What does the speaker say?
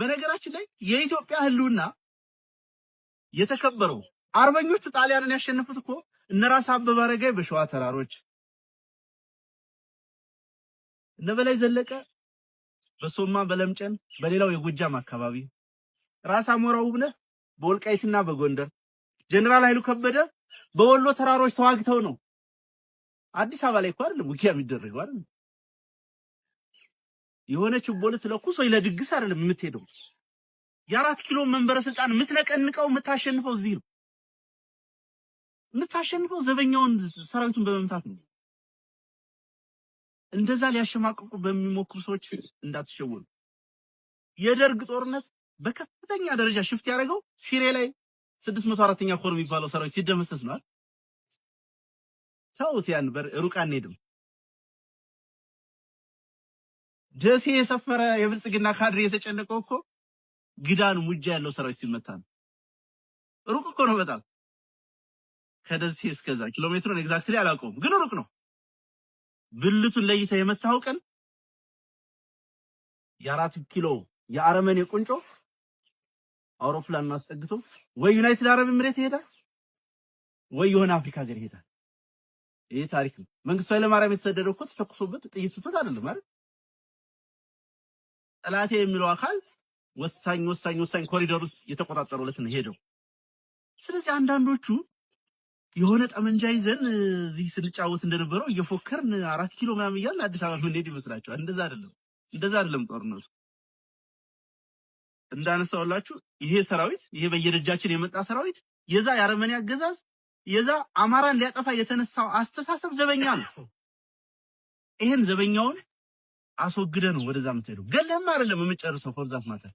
በነገራችን ላይ የኢትዮጵያ ህልውና የተከበረው አርበኞቹ ጣሊያንን ያሸነፉት እኮ እነ ራስ አበበ አረጋይ በሸዋ ተራሮች እነ በላይ ዘለቀ በሶማ በለምጨን በሌላው የጎጃም አካባቢ ራስ አሞራው ውብነህ በወልቃይትና በጎንደር ጀነራል ኃይሉ ከበደ በወሎ ተራሮች ተዋግተው ነው። አዲስ አበባ ላይ እኮ አይደለም ውጊያ የሚደረገው አይደል? የሆነ ችቦ ልትለኩስ ወይ ለድግስ አይደለም የምትሄደው። የአራት ኪሎ መንበረ ስልጣን የምትነቀንቀው የምታሸንፈው እዚህ ነው። የምታሸንፈው ዘበኛውን ሰራዊቱን በመምታት ነው። እንደዛ ሊያሸማቅቁ በሚሞክሩ ሰዎች እንዳትሸወኑ። የደርግ ጦርነት በከፍተኛ ደረጃ ሽፍት ያደረገው ሽሬ ላይ 604ኛ ኮር የሚባለው ሰራዊት ሲደመሰስ ነዋል። ተውት፣ ያን ሩቅ አንሄድም። ደሴ የሰፈረ የብልጽግና ካድሬ የተጨነቀው እኮ ግዳን ሙጃ ያለው ሰራዊት ሲመታ ነው። ሩቅ እኮ ነው በጣም ከደሴ እስከዛ ኪሎ ሜትሩን ኤግዛክትሊ አላውቀውም፣ ግን ሩቅ ነው። ብልቱን ለይተ የመታው ቀን የአራት ኪሎ የአረመኔ ቁንጮ አውሮፕላን አስጠግቶ ወይ ዩናይትድ አረብ ኤምሬት ይሄዳል ወይ የሆነ አፍሪካ ሀገር ይሄዳል። ይህ ታሪክ ነው። መንግስቱ ኃይለማርያም የተሰደደው እኮ ተተኩሶበት ጥይት ስቶት አይደለም አይደል? ጠላቴ የሚለው አካል ወሳኝ ወሳኝ ወሳኝ ኮሪደር ውስጥ የተቆጣጠሩለት ነው ሄደው። ስለዚህ አንዳንዶቹ የሆነ ጠመንጃ ይዘን እዚህ ስንጫወት እንደነበረው እየፎከርን አራት ኪሎ ምናምን እያልን አዲስ አበባ ምንሄድ ይመስላችኋል እንደዛ አይደለም፣ እንደዛ አይደለም። ጦርነቱ እንዳነሳውላችሁ ይሄ ሰራዊት ይሄ በየደጃችን የመጣ ሰራዊት የዛ የአረመኔ አገዛዝ የዛ አማራን ሊያጠፋ የተነሳው አስተሳሰብ ዘበኛ ነው። ይሄን ዘበኛውን አስወግደ ነው ወደዛ የምትሄደው ገለህም አይደለም የምጨርሰው። ፎር ማተር